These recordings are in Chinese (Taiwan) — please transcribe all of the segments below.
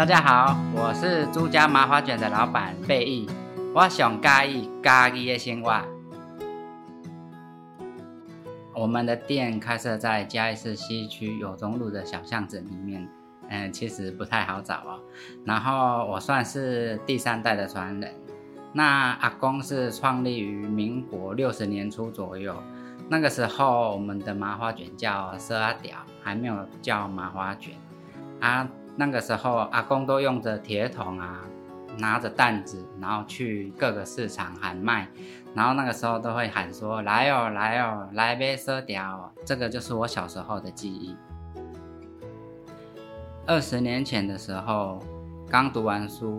大家好，我是朱家麻花卷的老闆倍毅，我想加一加一的鮮，我們的店開設在嘉義市西區友中路的小巷子裡面，嗯，其實不太好找哦。然後我算是第三代的傳人，那阿公是創立於民國六十年初左右，那個時候我們的麻花卷叫索仔條，還沒有叫麻花卷啊。那個時候，阿公都用着鐵桶啊，拿着擔子，然後去各個市場喊賣，然後那個時候都會喊說：“來哦，來哦，來買索仔條。”這個就是我小時候的記憶。二十年前的時候，剛讀完書，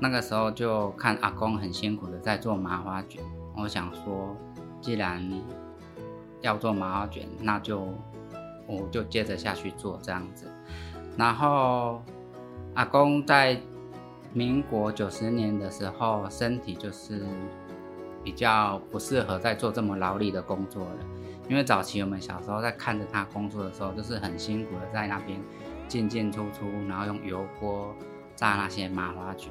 那個時候就看阿公很辛苦的在做麻花捲，我想說，既然要做麻花捲，那就我就接着下去做這樣子。然後，阿公在民國九十年的時候，身體就是比較不適合再做這麼勞力的工作了。因為早期我們小時候在看着他工作的時候，就是很辛苦的在那邊進進出出，然後用油鍋炸那些麻花捲。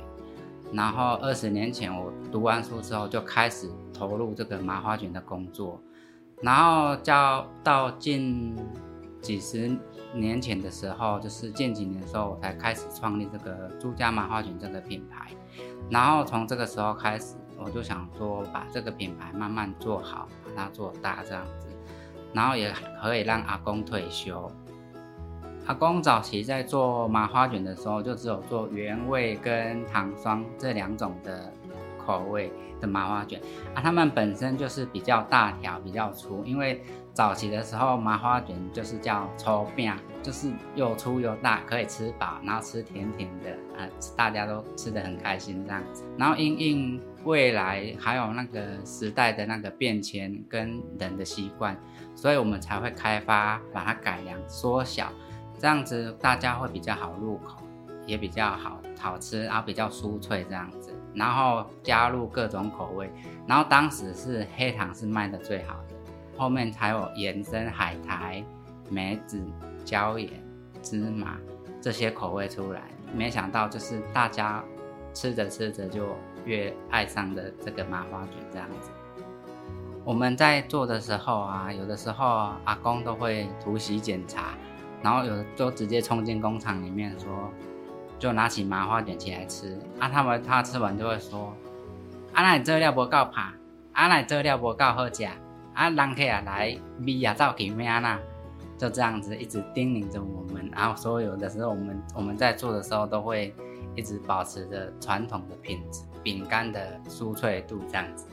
然後二十年前我讀完書之後，就開始投入這個麻花捲的工作。然後叫到近幾十。年前的時候，就是近幾年的時候，我才開始創立這個朱家麻花捲這個品牌。然後從這個時候開始，我就想說把這個品牌慢慢做好，把它做大這樣子，然後也可以讓阿公退休。阿公早期在做麻花捲的時候，就只有做原味跟糖霜這兩種的。口味的麻花捲啊，它們本身就是比較大條、比較粗，因為早期的時候麻花捲就是叫粗餅，就是又粗又大，可以吃飽，然後吃甜甜的啊，呃，大家都吃的很開心這樣子。然後因應未來還有那個時代的那個變遷跟人的習慣，所以我們才會開發把它改良縮小，這樣子大家會比較好入口。也比較好，好吃，然後啊，比較酥脆這樣子，然後加入各種口味，然後當時是黑糖是賣的最好的，後面才有延伸海苔、梅子、椒鹽、芝麻這些口味出來，沒想到就是大家吃着吃着就越愛上的這個麻花捲這樣子。我們在做的時候啊，有的時候啊，阿公都會突襲檢查，然後有的都直接衝進工廠裡面說。就拿起麻花捲起來吃，啊，他們他吃完就會說，啊，那這料不夠怕，啊，那這料不夠好吃，啊，啷克啊來咪呀造底咩啊那，就這樣子一直叮嚀着我們，然後所有的時候我們我們在做的時候都會一直保持着傳統的品質，餅乾的酥脆的度這樣子。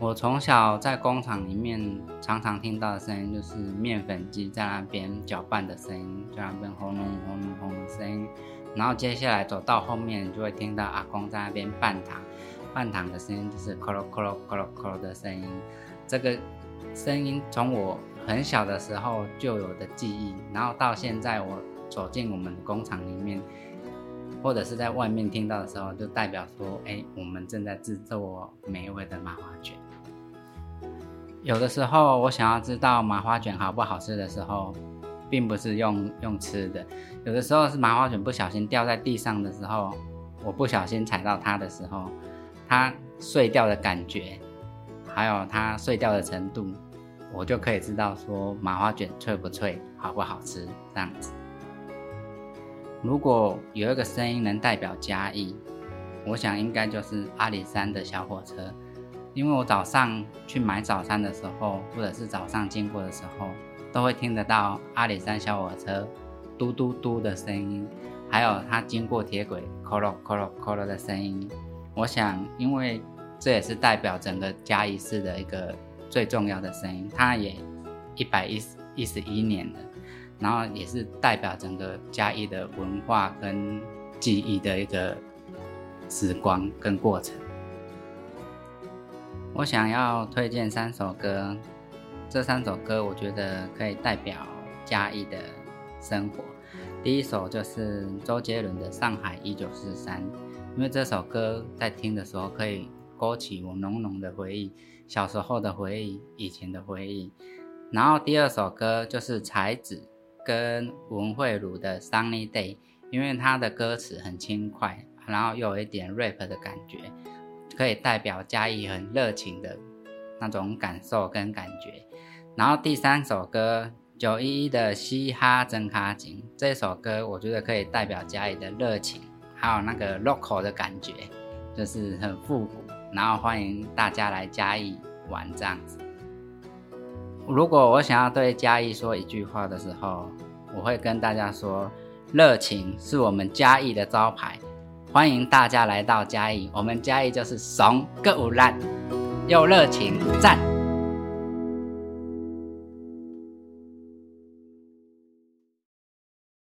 我從小在工廠裡面，常常聽到的聲音就是麵粉機在那邊攪拌的聲音，在那邊轟隆轟隆轟隆的聲音。然後接下來走到後面，就會聽到阿公在那邊拌糖，拌糖的聲音就是咯咯咯咯咯咯的聲音。這個聲音從我很小的時候就有的記憶，然後到現在我走進我們工廠裡面，或者是在外面聽到的時候，就代表說，哎、欸，我們正在製作美味的麻花卷。有的時候，我想要知道麻花捲好不好吃的時候，並不是用用吃的。有的時候是麻花捲不小心掉在地上的時候，我不小心踩到它的時候，它碎掉的感覺，還有它碎掉的程度，我就可以知道說麻花捲脆不脆，好不好吃，這樣子。如果有一個聲音能代表嘉義，我想應該就是阿里山的小火車。因為我早上去買早餐的時候，或者是早上經過的時候，都會聽得到阿里山小火車嘟嘟嘟嘟的聲音，還有它經過鐵軌咯扣咯扣的聲音。我想，因為這也是代表整個嘉義市的一個最重要的聲音，它也一百一十一年了，然後也是代表整個嘉義的文化跟記憶的一個時光跟過程。我想要推薦三首歌，這三首歌我覺得可以代表嘉義的生活。第一首就是周杰倫的《上海一九四三》，因為這首歌在聽的時候可以勾起我濃濃的回憶，小時候的回憶，以前的回憶。然後第二首歌就是才子跟文慧如的《Sunny Day》，因為它的歌詞很輕快，然後又有一點 rap 的感覺。可以代表嘉義很熱情的那種感受跟感覺，然後第三首歌《九一一的嘻哈真哈緊》，這首歌，我覺得可以代表嘉義的熱情，還有那個 local 的感覺，就是很復古，然後歡迎大家來嘉義玩這樣子。如果我想要對嘉義說一句話的時候，我會跟大家說：熱情是我們嘉義的招牌。歡迎大家來到嘉義，我們嘉義就是慫個無爛，又熱情讚。